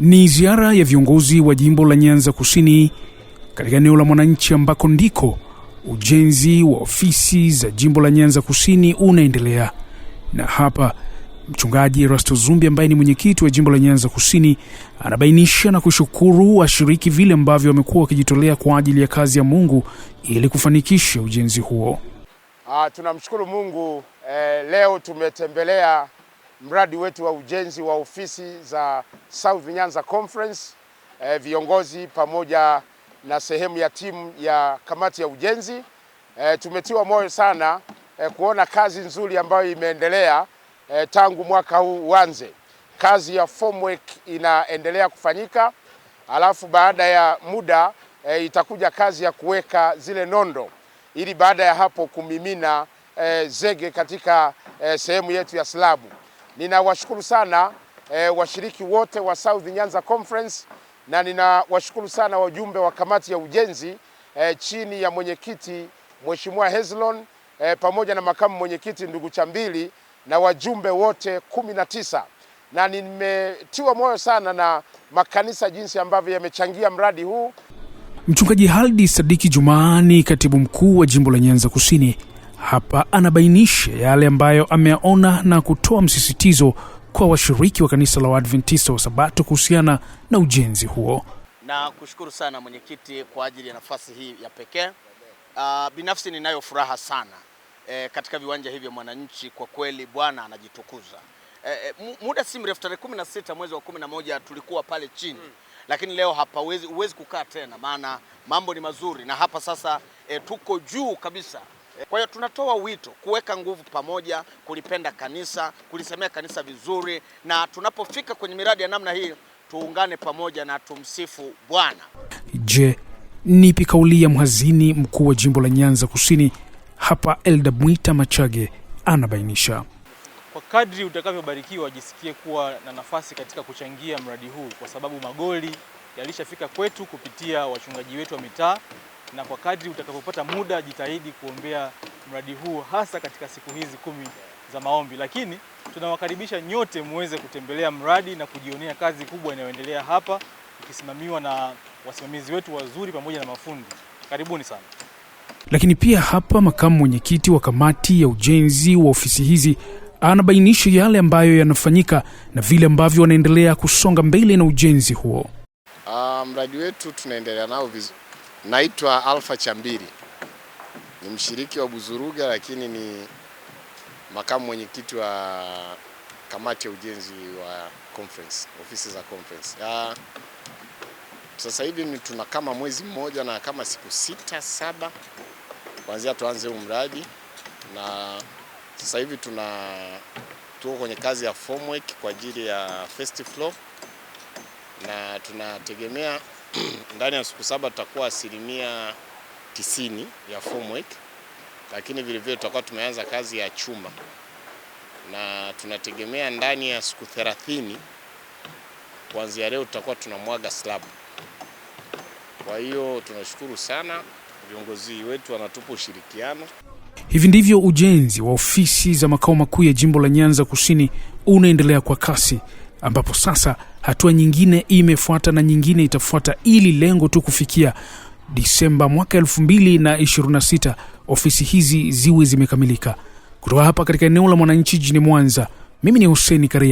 Ni ziara ya viongozi wa jimbo la Nyanza Kusini katika eneo la Mwananchi ambako ndiko ujenzi wa ofisi za jimbo la Nyanza Kusini unaendelea, na hapa Mchungaji Erasto Zumbi ambaye ni mwenyekiti wa jimbo la Nyanza Kusini anabainisha na kushukuru washiriki vile ambavyo wamekuwa wakijitolea kwa ajili ya kazi ya Mungu ili kufanikisha ujenzi huo. Ah, tunamshukuru Mungu eh, leo tumetembelea mradi wetu wa ujenzi wa ofisi za South Nyanza Conference eh, viongozi pamoja na sehemu ya timu ya kamati ya ujenzi eh, tumetiwa moyo sana eh, kuona kazi nzuri ambayo imeendelea eh, tangu mwaka huu uanze. Kazi ya formwork inaendelea kufanyika, alafu baada ya muda eh, itakuja kazi ya kuweka zile nondo ili baada ya hapo kumimina eh, zege katika eh, sehemu yetu ya slabu. Ninawashukuru sana e, washiriki wote wa South Nyanza Conference na ninawashukuru sana wajumbe wa kamati ya ujenzi e, chini ya mwenyekiti Mheshimiwa Hezlon e, pamoja na makamu mwenyekiti ndugu Chambili na wajumbe wote kumi na tisa na nimetiwa moyo sana na makanisa jinsi ambavyo yamechangia mradi huu. Mchungaji Haldi Sadiki Jumaani, katibu mkuu wa jimbo la Nyanza Kusini, hapa anabainisha yale ambayo ameyaona na kutoa msisitizo kwa washiriki wa kanisa la Waadventista wa Sabato kuhusiana na ujenzi huo. Na kushukuru sana mwenyekiti kwa ajili ya nafasi hii ya pekee. Uh, binafsi ninayo furaha sana e, katika viwanja hivi vya Mwananchi. Kwa kweli Bwana anajitukuza. E, muda si mrefu tarehe sita mwezi wa moja tulikuwa pale chini hmm. Lakini leo hapa huwezi kukaa tena, maana mambo ni mazuri na hapa sasa e, tuko juu kabisa. Kwa hiyo tunatoa wito kuweka nguvu pamoja, kulipenda kanisa, kulisemea kanisa vizuri, na tunapofika kwenye miradi ya namna hii tuungane pamoja na tumsifu Bwana. Je, nipi kauli ya mhazini mkuu wa jimbo la Nyanza Kusini hapa Elda Mwita Machage? Anabainisha, kwa kadri utakavyobarikiwa jisikie kuwa na nafasi katika kuchangia mradi huu, kwa sababu magoli yalishafika kwetu kupitia wachungaji wetu wa mitaa na kwa kadri utakapopata muda jitahidi kuombea mradi huu hasa katika siku hizi kumi za maombi. Lakini tunawakaribisha nyote muweze kutembelea mradi na kujionea kazi kubwa inayoendelea hapa ikisimamiwa na wasimamizi wetu wazuri pamoja na mafundi. Karibuni sana. Lakini pia hapa makamu mwenyekiti wa kamati ya ujenzi wa ofisi hizi anabainisha yale ambayo yanafanyika na vile ambavyo wanaendelea kusonga mbele na ujenzi huo. Uh, mradi wetu tunaendelea nao vizuri Naitwa Alpha chambiri ni mshiriki wa Buzuruga, lakini ni makamu mwenyekiti wa kamati ya ujenzi wa conference, ofisi za conference. Ya, sasa hivi ni tuna kama mwezi mmoja na kama siku sita saba kuanzia tuanze huu mradi, na sasa hivi tuna tuko kwenye kazi ya formwork kwa ajili ya first floor na tunategemea ndani ya siku saba tutakuwa asilimia tisini ya formwork, lakini vilevile tutakuwa tumeanza kazi ya chuma na tunategemea ndani ya siku thelathini kuanzia leo tutakuwa tunamwaga slab. Kwa hiyo tunashukuru sana viongozi wetu wanatupa ushirikiano. Hivi ndivyo ujenzi wa ofisi za makao makuu ya jimbo la Nyanza Kusini unaendelea kwa kasi ambapo sasa hatua nyingine imefuata na nyingine itafuata ili lengo tu kufikia Disemba mwaka 226 ofisi hizi ziwe zimekamilika. Kutoka hapa katika eneo la Mwananchi jini Mwanza, mimi ni huseni Karia.